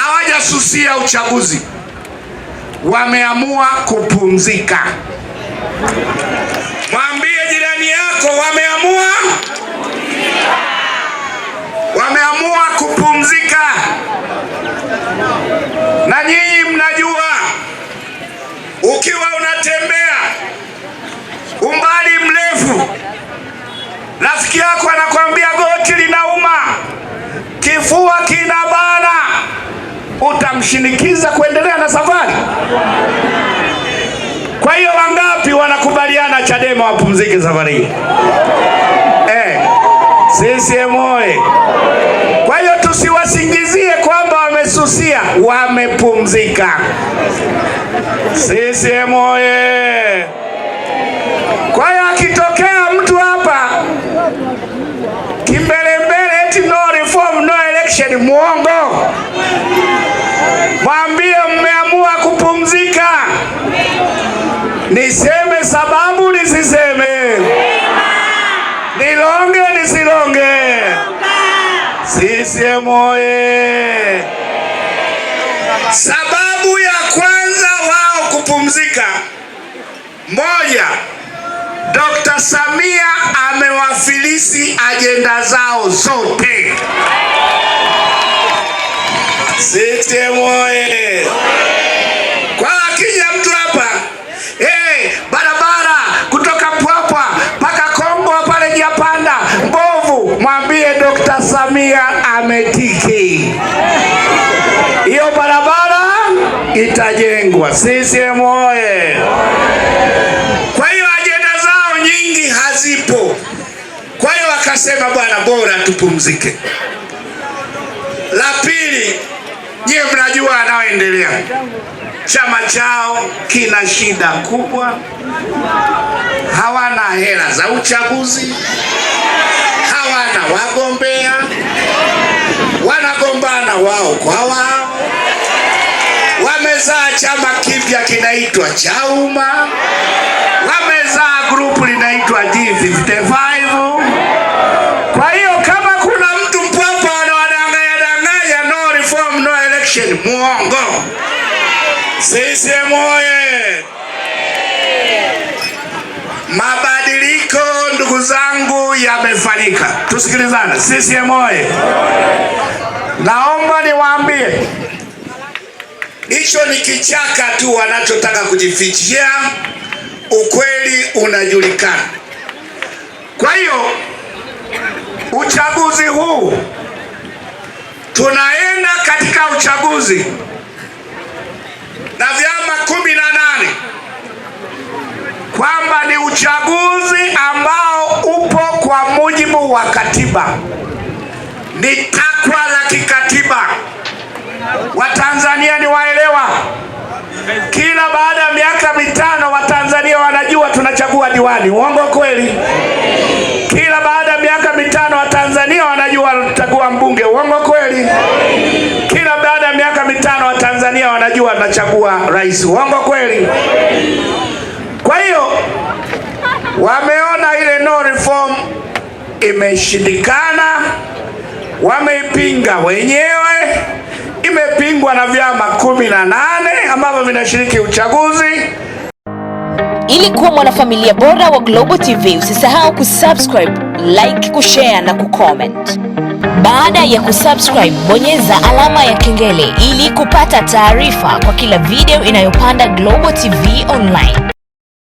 hawajasusia uchaguzi, wameamua kupumzika. Mwambie jirani yako, wameamua wameamua kupumzika. Na nyinyi mnajua, ukiwa unatembea umbali mrefu, rafiki yako anakwambia goti linauma, kifua kina utamshinikiza kuendelea na safari? Kwa hiyo wangapi wanakubaliana Chadema wapumzike safari hii? Eh, CCM oye! Kwa hiyo tusiwasingizie kwamba wamesusia, wamepumzika. CCM oye! Kwa Niseme sababu nisiseme, nilonge nisilonge, CCM oye! Sababu ya kwanza wao kupumzika, moja, Dr. Samia amewafilisi ajenda zao zote. CCM oye! Dr. Samia ametiki, hiyo barabara itajengwa. CCM oye! Kwa hiyo ajenda zao nyingi hazipo, kwa hiyo wakasema bwana, bora tupumzike. La pili, nyie mnajua anaoendelea chama chao kina shida kubwa, hawana hela za uchaguzi wagombea wanagombana wao kwa wao, wamezaa chama kipya kinaitwa Chauma, wamezaa grupu linaitwa d 55 Kwa hiyo kama kuna mtu mpwapwa anawadanganya danganya, no reform no election, muongo. CCM oye! ndugu zangu, yamefanyika. Tusikilizane. sisi oyee! Naomba niwaambie hicho ni kichaka tu wanachotaka kujifichia, ukweli unajulikana. Kwa hiyo uchaguzi huu tunaenda katika uchaguzi na vyama kumi na nane kwamba ni uchaguzi wa katiba ni takwa la kikatiba. Watanzania ni waelewa. Kila baada ya miaka mitano Watanzania wanajua tunachagua diwani. Uongo kweli? Kila baada ya miaka mitano Watanzania wanajua tunachagua mbunge. Uongo kweli? Kila baada ya miaka mitano Watanzania wanajua tunachagua rais. Uongo kweli? Kwa hiyo wame imeshindikana, wameipinga wenyewe, imepingwa na vyama kumi na nane ambavyo vinashiriki uchaguzi. Ili kuwa mwanafamilia bora wa Global TV, usisahau kusubscribe, like, kushare na kucomment. Baada ya kusubscribe, bonyeza alama ya kengele ili kupata taarifa kwa kila video inayopanda Global TV Online.